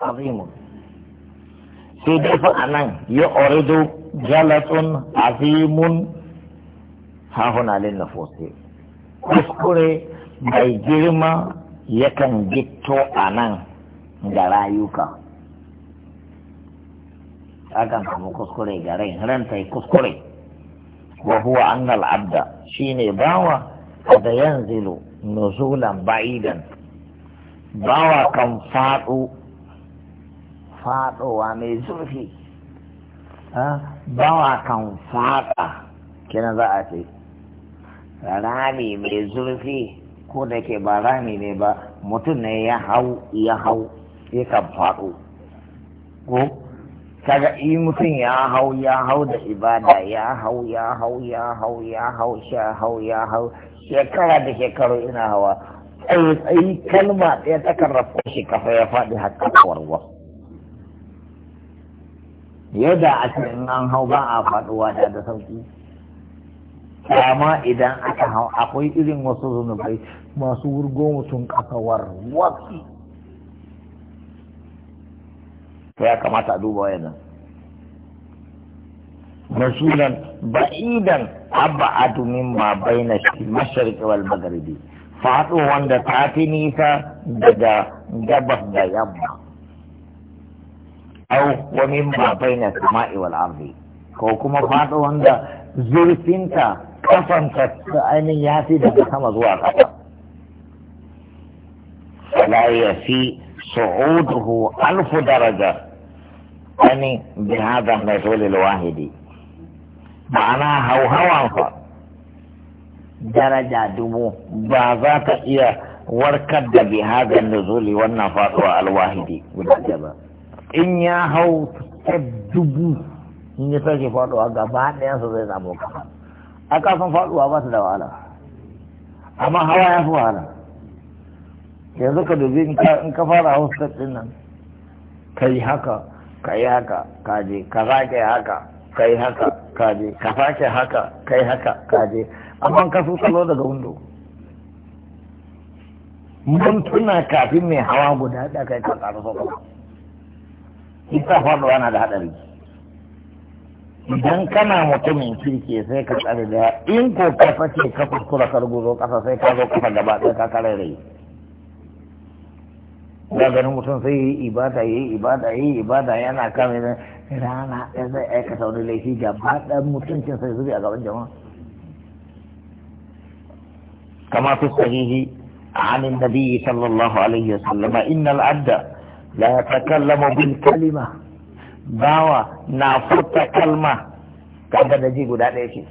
azimun sai dai fa ya oridu jalatun azimun hahuna lin nafosi kuskure mai girma yakan gitto a nan da rayuka akan samu kuskure ga rai ranta yi kuskure wa huwa abda shine bawa da yanzilu nuzulan ba'idan bawa kan faɗo faɗowa mai zurfi bawa kan faɗa kina za a ce rami mai zurfi ko da ke ba rami ne ba mutum ne ya hau ya hau ya kan faɗo ko kaga in mutum ya hau ya hau da ibada ya hau ya hau ya hau ya hau sha hau ya hau shekara da shekaru ina hawa tsayi kalma ɗaya ta kan shi kafa ya faɗi har warwa. yadda a in an hau ba a faɗuwa da da sauki amma idan aka hau akwai irin wasu zunubai masu wurgo mutum kasawar wasu ta ya kamata a duba wayannan masulan ba'idan aba'adu mimma baina na wal magharibi faɗo wanda ta fi nisa daga gabas da yamma أو ومن بين السماء والأرض كوكما فاتو عند زلسين تا كفن تا أين ياتي دا كما زوا فلا يفي صعوده ألف درجة أني بهذا مجول الواحد معنى هو هو درجة دمو بازات إيا وركد بهذا النزول والنفاق الواحد والجبل in ya hau f dubu in ya sake faduwa gaba ɗayansa zai samu ka a kafin faduwa ba su da wahala amma hawa ya fi wahala yanzu ka dubi in ka fara hau step ɗin nan ka yi haka ka yi haka ka je ka sake haka ka yi haka ka je ka sake haka ka yi haka ka je amma ka so salo daga windo mun tuna kafin mai hawa guda ɗaya kai ka ƙarfa ba isa faɗuwa na da haɗari idan kana mutumin kirki sai ka tsare da in ko ka fashe ka kuskura ka rubuzo ƙasa sai ka zo ƙasa gaba ɗaya ka kare rai da ganin mutum sai yi ibada yi ibada yi ibada yana kame da rana ɗaya zai aikata wani laifi gaba ɗan mutuncin sai zuri a gaban jama'a kama fi sahihi عن النبي صلى الله عليه وسلم إن العبد la ya takallama bil kalima bawa na furta kalma kaga da ji guda ɗaya ce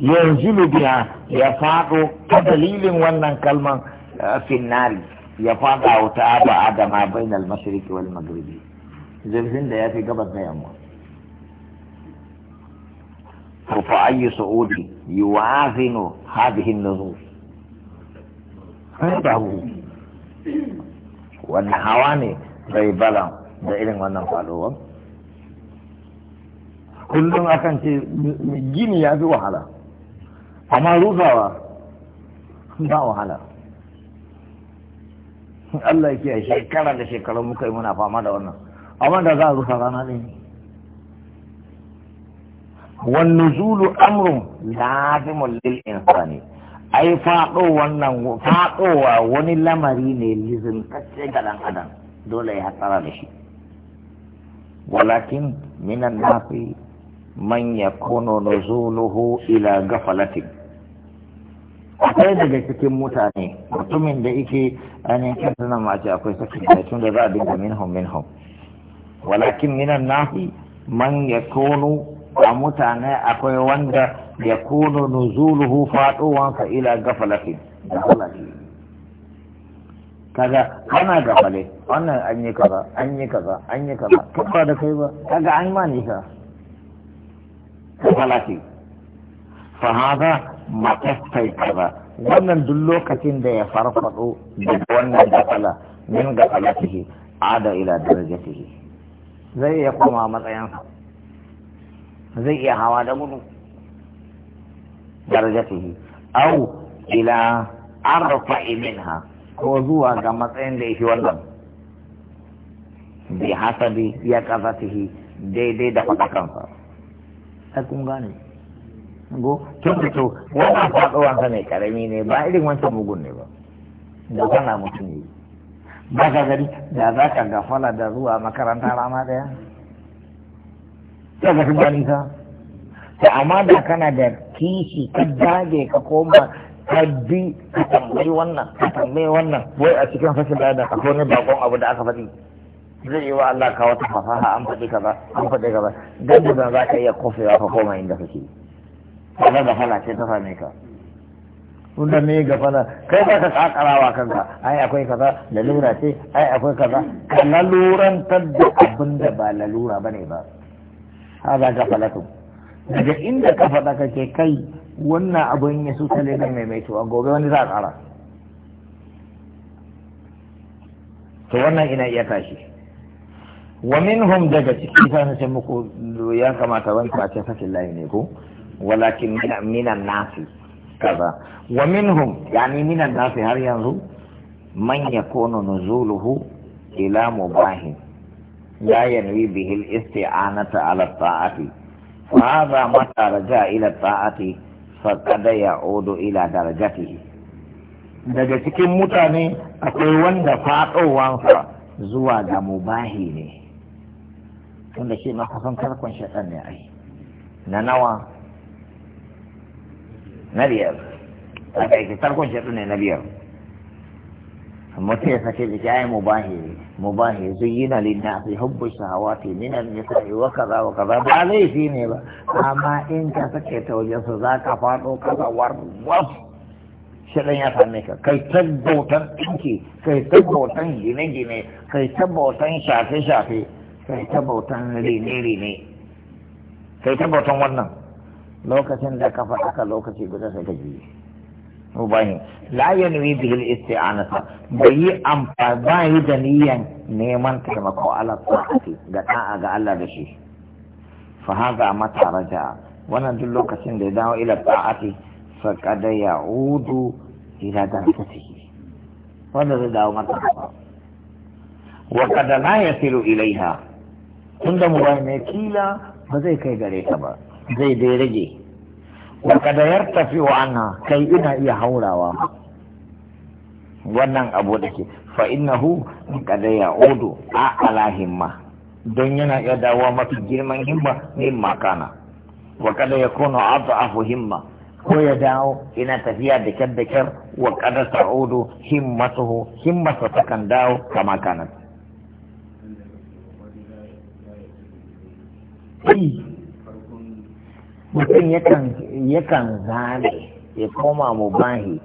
yanzu biya ya faɗo ta dalilin wannan kalman eh, finnari ya faɗa wuta ba adama bainal mashariki wal maghribi zurfin da ya fi gabas da yamma to fa ayyu sa'udi yuwazinu hadhihi an-nuzul wani hawa ne bai balan da irin wannan faɗowar kullum akan ce gini ya fi wahala amma rufawa ba wahala Allah ya kiyaye shekara da shekaru muka yi muna fama da wannan amma da za a rufa rana ne Zulu والنزول lafi mulil insani? ai faɗo wannan faɗowa wani lamari ne lizintacce ga ɗan adam dole ya hatsara da shi walakin minan nafi man na zuluhu ila gafalatin akwai daga cikin mutane mutumin da yake ainihin kanta na mace akwai sakin da tun da za a dinga minhum minhum walakin minan nafi man kono a mutane akwai wanda ya kuno nuzuluhu faɗowansa ila gafalatin kaga kana gafale wannan an yi kaza an yi kaza an yi kaza ba da kai ba kaga an ma ne ka gafalati fa hada matastai kaza wannan duk lokacin da ya farfado daga wannan gafala min gafalatihi ada ila darajatihi zai ya koma matsayansa zai iya hawa da gudu darajatihi au ila arfa minha ko zuwa ga matsayin da yake wannan bi hasabi ya kazatihi daidai da fadakansa sai kun gane go kin to wannan faduwan sa ne karami ne ba irin wancan mugun ne ba da kana mutum ne ba ka gari da za ka gafala da zuwa makaranta rama daya sai ga sun gani Ta amma da kana da kishi ka dage ka koma ka bi ka tambayi wannan ka tambayi wannan wai a cikin fashin da ka kone bakon abu da aka faɗi zai yi wa Allah ka wata fasaha an faɗi kaza an faɗi kaza gaba da za ka iya kofewa ka koma inda kake kaza da hala ce ta same ka tunda me gafala kai ba ka kakarawa kanka ai akwai kaza lalura ce ai akwai kaza ka ta da abin da ba lalura bane ba haza gafalatu daga inda ka faɗa kake kai wannan abin ya mai mai tuwa, gobe wani za a tsara to wannan ina iya tashi wa minhum daga ciki sai ce muku ya kamata wanda a ce layi ne ko walakin minan nasi kaza wa minhum yani minan nasi har yanzu man yakunu nuzuluhu ila mubahin لا ينوي به الاستعانة على الطاعة فهذا متى رجع إلى الطاعة فقد يعود إلى درجته daga cikin mutane akwai wanda faɗowansa zuwa ga mubahi ne Wanda shi ma kusan tarkon shaɗan ne ai na nawa na biyar a tarkon shaɗan ne na biyar mutum ya sake jiki ai mubahi mubahi zuyyina linnasi hubbu shahawati ne ta yi wa kaza wa kaza ba fi ne ba amma in ka sake ta wajen su za ka fado kaza war was shirin ya same ka kai tabbautan ɗinki kai tabbautan gine-gine kai tabbautan shafe-shafe kai tabbautan rine-rine kai tabbautan wannan lokacin da ka faɗa ka lokaci guda sai ka jiye mubani la yanwi bihil nasa. bai yi amfani ba yi da niyan neman taimako ta ta'ati ga ta'a ga Allah da shi fa haza mata raja wannan duk lokacin da ya dawo ila ta'ati fa ya udu ila darasatihi wannan zai dawo mata wa kada la yasilu ilaiha tunda mu mai kila ba zai kai gare ta ba zai dai rage wa ana kai ina iya haurawa. wannan abu da ke fa'inahu kada ya odo a ala himma don yana iya dawo mafi girman himma ne makana wa kada ya kono abu afu himma ko ya dawo ina tafiya da kyar da kyar wa kada sa'udu himmatuhu ta kan dawo kama kanan. mutum yakan zane ya koma mu bahi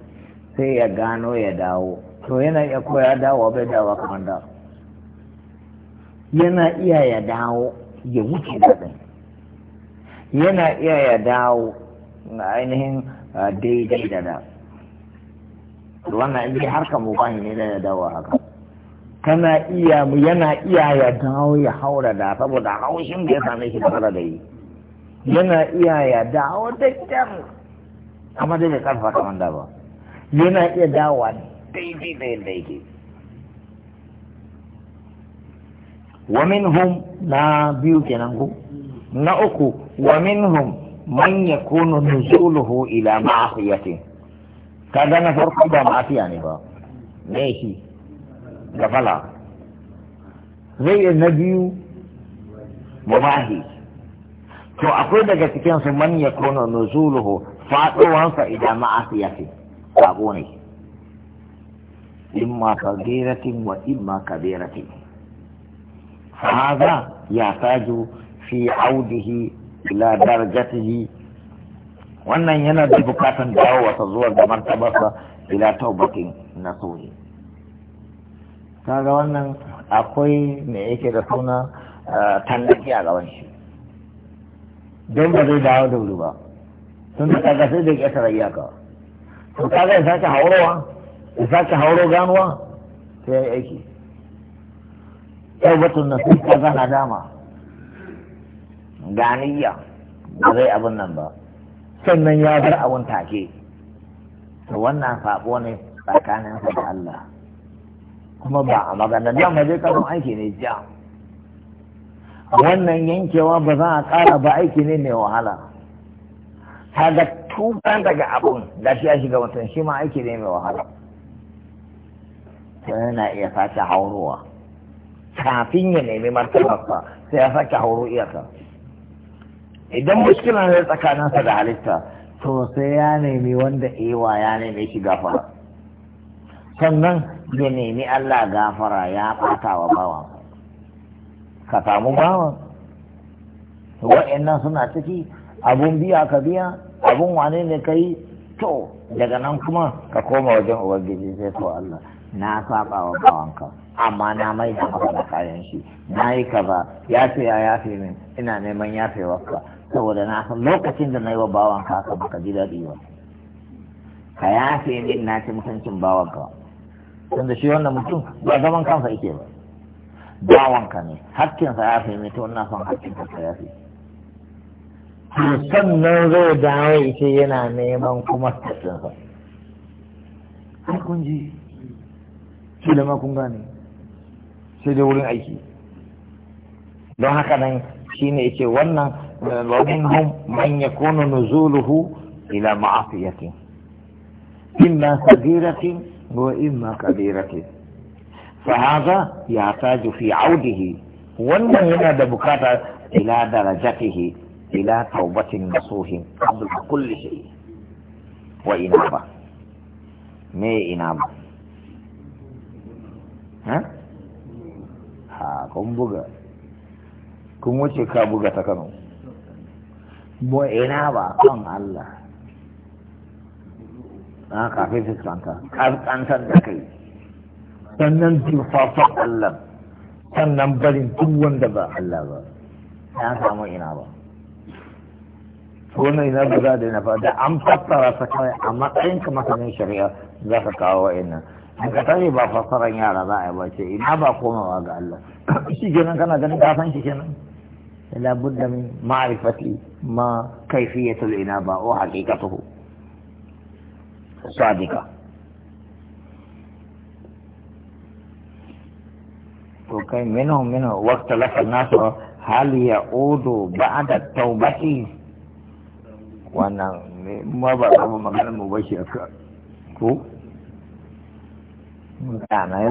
sai ya gano ya dawo to yana iya ko ya dawo bai dawo kamar da yana iya ya dawo ya wuce daɗin yana iya ya dawo na ainihin ah, daidai da da wannan in harka bahi ne da ya dawo haka kana iya yana iya ya dawo ya haura da saboda haushin da ya same shi da da yi yana iya ya dawo da kyan amma dai karfa kamar da ba yana iya dawa daidai da yadda yake wa minhum na biyu kenan ku na uku wa minhum man yakunu nuzuluhu ila ma'asiyatin kaga na farko ba ma'asiya ne ba ne shi gafala zai na biyu mubahi to akwai daga cikin su man ya kuna nuzuluhu faɗuwansa idan asiya ce sabo ne imma kabiratin wa imma kabiratin fahaza ya taju fi audihi ila darajatihi wannan yana da bukatan ta zuwa da martabarsa ila taubatin na sauri kaga wannan akwai me yake da suna eh, tannaki a gaban shi don ba zai dawo da wuri ba sun da kaga sai da kasar iyaka to kaga ya sake haurowa ya sake hauro ganuwa sai ya yi aiki taubatun na sun kaga na dama ganiya ba zai abin nan ba sannan ya bar abin take to wannan sabo ne tsakaninsa da Allah kuma ba a magana dama zai karon aiki ne jam wannan yankewa ba za a ƙara ba aiki ne mai wahala Haga tuka daga abun da shi ya shiga mutum shi ma aiki ne mai wahala sai yana iya sake haurowa kafin ya nemi martabarsa sai ya sake hauro iyaka idan muskila ne tsakaninsa da halitta to sai ya nemi wanda ewa eh, ya nemi shi gafara sannan ya nemi Allah gafara ya ɓata wa bawan ka samu bawa wa'annan suna ciki abun biya ka biya abun wane ne ka yi to daga nan kuma ka koma wajen ubangiji sai to Allah na saba wa bawanka amma na mai da haka da kayan shi na yi ka ba ya ce ya yafe min ina neman yafe yafewarka saboda na san lokacin da na yi wa bawanka ka baka ji daɗi ba ka yafe min na ci mutuncin bawanka tunda shi wannan mutum ba zaman kansa yake ba bawanka ne hakkinsa ya fi mito ina son hakkinsa ya fi sannan zai dawo ita yana neman kuma hakkinsa har kun ji shi da kun gane sai dai wurin aiki don haka nan shi ne ce wannan wabin hun manya ya na nuzuluhu ila ma'afiyatin imma sabiratin wa imma kabiratin فهذا يحتاج في عوده wannan yana da bukata ila rajatihi ila taubatin nasuhin qabla kulli shi wa ba, me ina ba? ha kun buga kun wuce ka buga ta Kano mu ba kan Allah na kafin fuskanta kantar da kai sannan zurfafan Allah sannan barin duk wanda ba Allah ba ya samu ina ba wannan ina ba za da ina ba da an fassara ta kawai a matsayin ka masanin shari'a za ka kawo ina, in ka tare ba fassaran yara za a yi ba ce ina ba komawa ga Allah shi kenan kana ganin ka san shi kenan labudda min ma'rifati ma kaifiyatul inaba wa haqiqatuhu sadiqa to kai minhum minhum waqta laka nasu hal ya'udu ba'da tawbati wannan ma ba ba magana mu bashi aka ko mutana ya